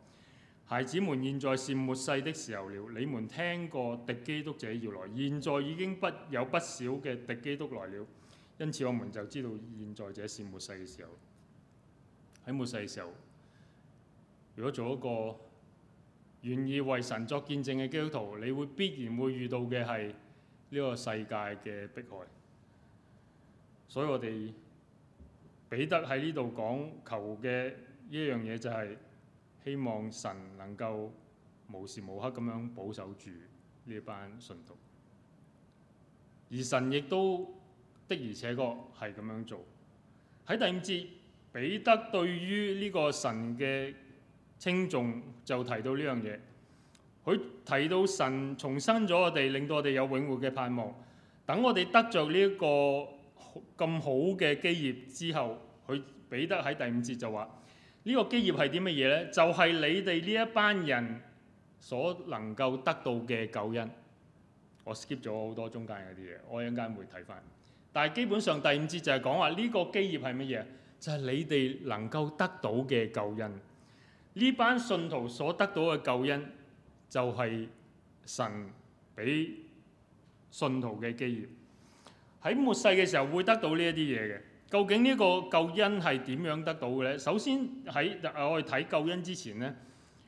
孩子們，現在是末世的時候了。你們聽過敵基督者要來，現在已經不有不少嘅敵基督來了，因此我們就知道現在這是末世嘅時候。喺末世嘅時候，如果做一個願意為神作見證嘅基督徒，你會必然會遇到嘅係呢個世界嘅迫害。所以我哋彼得喺呢度講求嘅一樣嘢就係希望神能夠無時無刻咁樣保守住呢班信徒，而神亦都的而且確係咁樣做。喺第五節。彼得對於呢個神嘅稱重就提到呢樣嘢，佢提到神重生咗我哋，令到我哋有永活嘅盼望。等我哋得著呢一個咁好嘅基業之後，佢彼得喺第五節就話：呢、這個基業係啲乜嘢呢？就係、是、你哋呢一班人所能夠得到嘅救恩。我 skip 咗好多中間嗰啲嘢，我一陣間會睇返。但係基本上第五節就係講話呢個基業係乜嘢。就係你哋能夠得到嘅救恩，呢班信徒所得到嘅救恩就係神俾信徒嘅基業，喺末世嘅時候會得到呢一啲嘢嘅。究竟呢個救恩係點樣得到嘅咧？首先喺我哋睇救恩之前咧，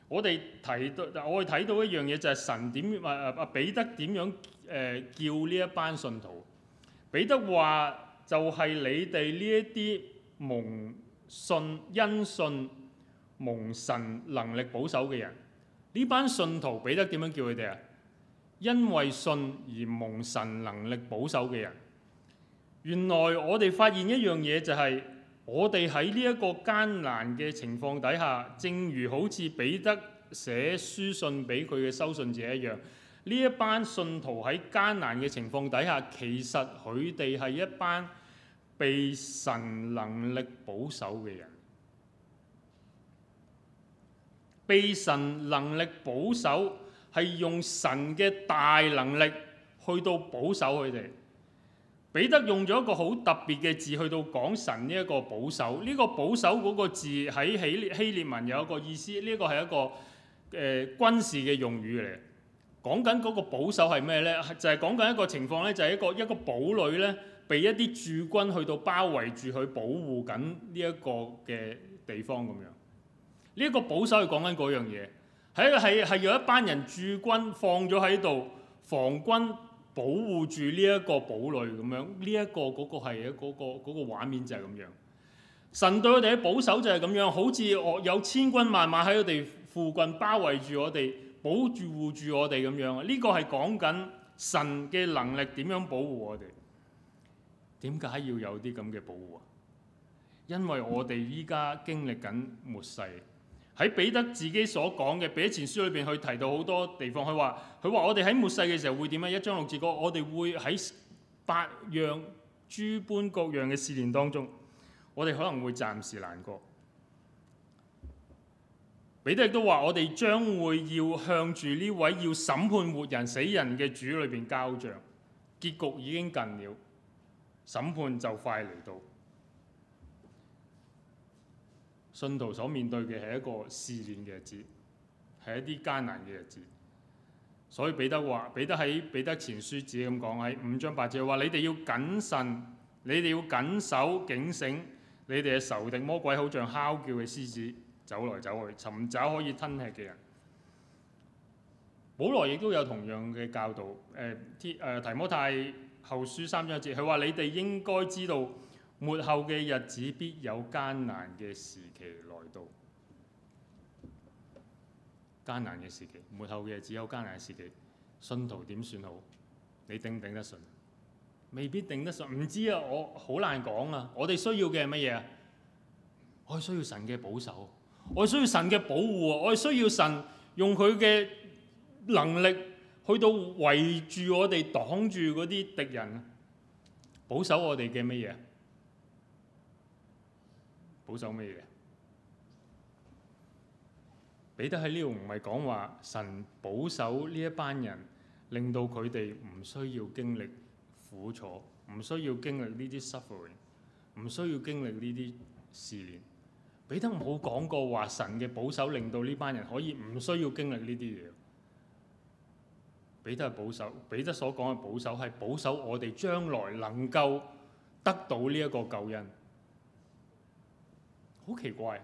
我哋提到我哋睇到一樣嘢就係神點啊啊彼得點樣誒、呃、叫呢一班信徒？彼得話就係你哋呢一啲。蒙信因信蒙神能力保守嘅人，呢班信徒彼得點樣叫佢哋啊？因為信而蒙神能力保守嘅人。原來我哋發現一樣嘢就係、是、我哋喺呢一個艱難嘅情況底下，正如好似彼得寫書信俾佢嘅收信者一樣，呢一班信徒喺艱難嘅情況底下，其實佢哋係一班。被神能力保守嘅人，被神能力保守係用神嘅大能力去到保守佢哋。彼得用咗一個好特別嘅字去到講神呢一個保守。呢、這個保守嗰個字喺希希列文有一個意思，呢、這個係一個誒、呃、軍事嘅用語嚟。講緊嗰個保守係咩咧？就係、是、講緊一個情況咧，就係、是、一個一個堡壘咧。被一啲駐軍去到包圍住佢保護緊呢一個嘅地方咁樣，呢一個保守係講緊嗰樣嘢，係係係有一班人駐軍放咗喺度，防軍保護住呢一個堡壘咁樣，呢一個嗰個係一個嗰個嗰個畫面就係咁樣。神對我哋嘅保守就係咁樣，好似我有千軍萬馬喺我哋附近包圍住我哋，保住護住我哋咁樣。呢個係講緊神嘅能力點樣保護我哋。點解要有啲咁嘅保護啊？因為我哋依家經歷緊末世，喺彼得自己所講嘅《彼得前書》裏邊，佢提到好多地方。佢話：佢話我哋喺末世嘅時候會點咧？一章六字歌，我哋會喺百樣諸般各樣嘅試煉當中，我哋可能會暫時難過。彼得亦都話：我哋將會要向住呢位要審判活人死人嘅主裏邊交賬，結局已經近了。審判就快嚟到，信徒所面對嘅係一個試煉嘅日子，係一啲艱難嘅日子。所以彼得話：彼得喺彼得前書自己咁講，喺五章八節話，你哋要謹慎，你哋要謹守警醒，你哋嘅仇敵魔鬼好像哮叫嘅獅子，走來走去，尋找可以吞吃嘅人。保羅亦都有同樣嘅教導。誒、呃，提、呃、提摩太。後書三章一節，佢話你哋應該知道末後嘅日子必有艱難嘅時期來到，艱難嘅時期，末後嘅日子有艱難時期，信徒點算好？你頂唔頂得順？未必頂得順，唔知啊，我好難講啊。我哋需要嘅係乜嘢？我需要神嘅保守，我需要神嘅保護，我需要神用佢嘅能力。去到圍住我哋、擋住嗰啲敵人，保守我哋嘅乜嘢？保守乜嘢？彼得喺呢度唔係講話神保守呢一班人，令到佢哋唔需要經歷苦楚，唔需要經歷呢啲 suffering，唔需要經歷呢啲試煉。彼得冇講過話神嘅保守令到呢班人可以唔需要經歷呢啲嘢。彼得係保守，彼得所講嘅保守係保守我哋將來能夠得到呢一個救恩。好奇怪！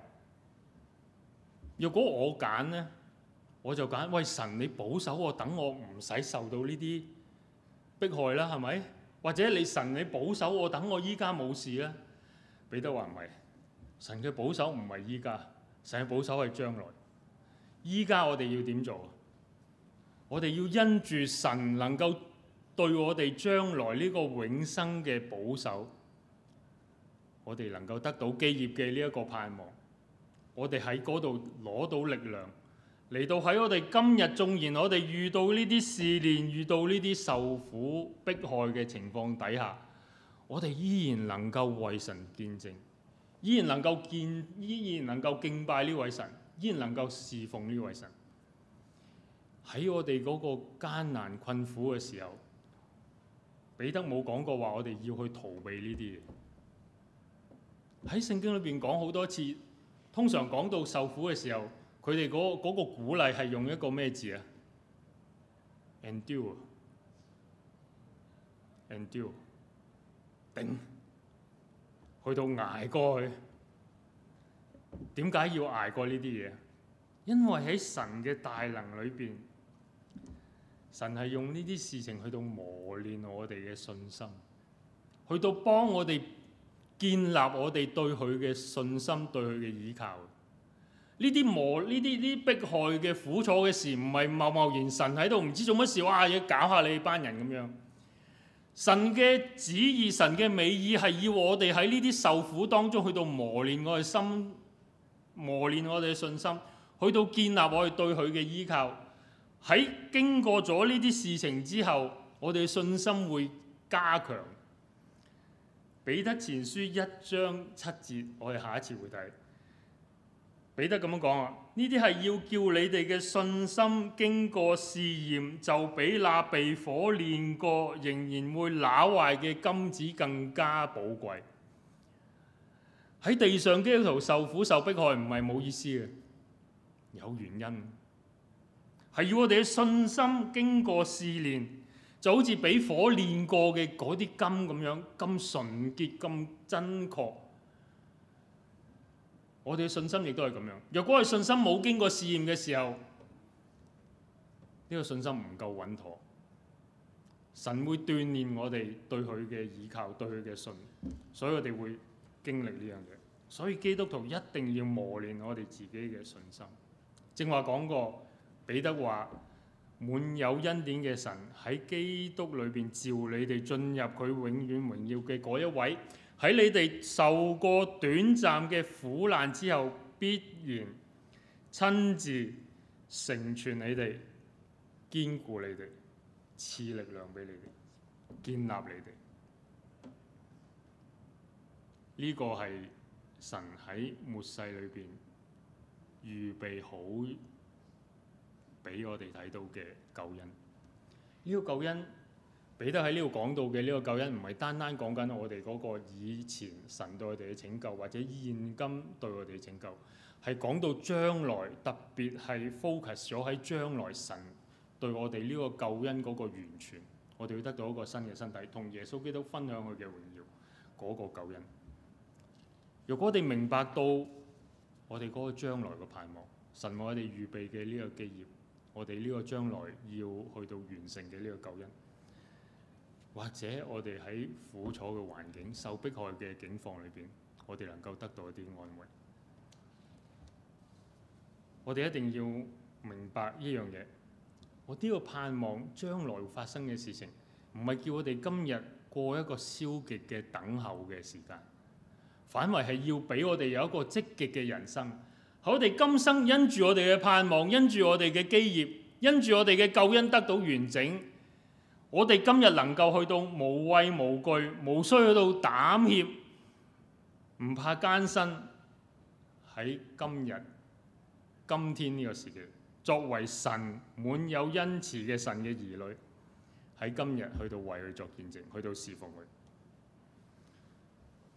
若果我揀呢，我就揀：「喂，神你保守我，等我唔使受到呢啲迫害啦，係咪？或者你神你保守我，等我依家冇事咧？彼得話唔係，神嘅保守唔係依家，神嘅保守係將來。依家我哋要點做？我哋要因住神能夠對我哋將來呢個永生嘅保守，我哋能夠得到基業嘅呢一個盼望，我哋喺嗰度攞到力量，嚟到喺我哋今日，縱然我哋遇到呢啲試煉，遇到呢啲受苦迫害嘅情況底下，我哋依然能夠為神見證，依然能夠見依然能夠敬拜呢位神，依然能夠侍奉呢位神。喺我哋嗰個艱難困苦嘅時候，彼得冇講過話我哋要去逃避呢啲嘢。喺聖經裏邊講好多次，通常講到受苦嘅時候，佢哋嗰嗰個鼓勵係用一個咩字啊？endure，endure，去到挨過去。點解要挨過呢啲嘢？因為喺神嘅大能裏邊。神係用呢啲事情去到磨練我哋嘅信心，去到幫我哋建立我哋對佢嘅信心、對佢嘅依靠。呢啲磨、呢啲呢迫害嘅苦楚嘅事，唔係貿貿然神喺度唔知做乜事，哇、啊！要搞下你班人咁樣。神嘅旨意、神嘅美意係要我哋喺呢啲受苦當中去到磨練我哋心、磨練我哋嘅信心，去到建立我哋對佢嘅依靠。喺經過咗呢啲事情之後，我哋嘅信心會加強。彼得前書一章七節，我哋下一次會睇。彼得咁樣講啊，呢啲係要叫你哋嘅信心經過試驗，就比那被火煉過仍然會攋壞嘅金子更加寶貴。喺地上基督徒受苦受迫害唔係冇意思嘅，有原因。係要我哋嘅信心經過試煉，就好似俾火煉過嘅嗰啲金咁樣，咁純潔，咁真確。我哋嘅信心亦都係咁樣。若果係信心冇經過試驗嘅時候，呢個信心唔夠穩妥，神會鍛煉我哋對佢嘅倚靠，對佢嘅信，所以我哋會經歷呢樣嘢。所以基督徒一定要磨練我哋自己嘅信心。正話講過。彼得話：滿有恩典嘅神喺基督裏邊召你哋進入佢永遠榮耀嘅嗰一位，喺你哋受過短暫嘅苦難之後，必然親自成全你哋，堅固你哋，賜力量俾你哋，建立你哋。呢、這個係神喺末世裏邊預備好，俾我哋睇到嘅救恩，呢個救恩俾得喺呢度講到嘅呢個救恩，唔係單單講緊我哋嗰個以前神對我哋嘅拯救，或者現今對我哋嘅拯救，係講到將來，特別係 focus 咗喺將來神對我哋呢個救恩嗰個完全，我哋會得到一個新嘅身體，同耶穌基督分享佢嘅榮耀嗰個救恩。如果我哋明白到我哋嗰個將來嘅盼望，神為我哋預備嘅呢個基業。我哋呢個將來要去到完成嘅呢個救恩，或者我哋喺苦楚嘅環境、受迫害嘅境況裏邊，我哋能夠得到一啲安慰。我哋一定要明白一樣嘢，我都要盼望將來發生嘅事情，唔係叫我哋今日過一個消極嘅等候嘅時間，反為係要俾我哋有一個積極嘅人生。我哋今生因住我哋嘅盼望，因住我哋嘅基業，因住我哋嘅救恩得到完整，我哋今日能夠去到無畏無懼，無需去到膽怯，唔怕艱辛。喺今日、今天呢個時期，作為神滿有恩慈嘅神嘅兒女，喺今日去到為佢作見證，去到侍奉佢，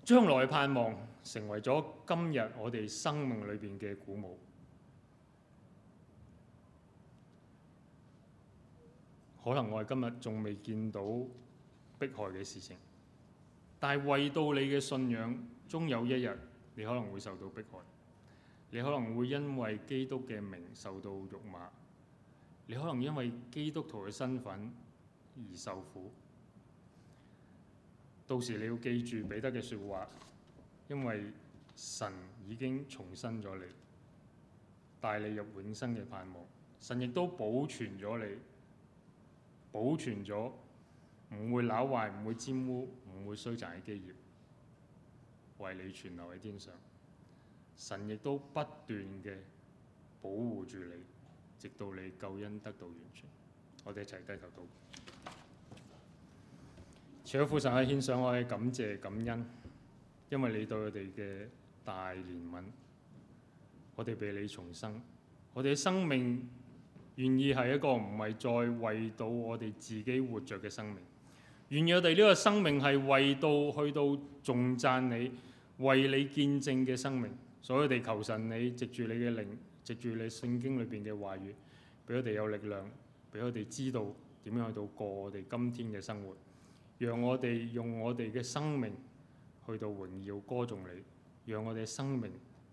將來盼望。成為咗今日我哋生命裏邊嘅鼓舞。可能我哋今日仲未見到迫害嘅事情，但係為到你嘅信仰，終有一日你可能會受到迫害。你可能會因為基督嘅名受到辱罵，你可能因為基督徒嘅身份而受苦。到時你要記住彼得嘅説話。因為神已經重生咗你，帶你入永生嘅盼望。神亦都保存咗你，保存咗唔會朽壞、唔會沾污、唔會衰殘嘅基業，為你存留喺天上。神亦都不斷嘅保護住你，直到你救恩得到完全。我哋一齊低頭禱。除咗父神嘅獻上，我係感謝感恩。因為你對我哋嘅大憐憫，我哋被你重生，我哋嘅生命願意係一個唔係再為到我哋自己活着嘅生命，願意我哋呢個生命係為到去到頌讚你、為你見證嘅生命，所以我哋求神你藉住你嘅靈，藉住你聖經裏邊嘅話語，俾我哋有力量，俾我哋知道點樣去到過我哋今天嘅生活，讓我哋用我哋嘅生命。去到榮耀歌頌你，讓我哋生命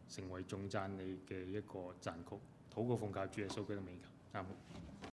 成為頌讚你嘅一個讚曲，禱告奉教主耶穌基督名，求主美琴，啱。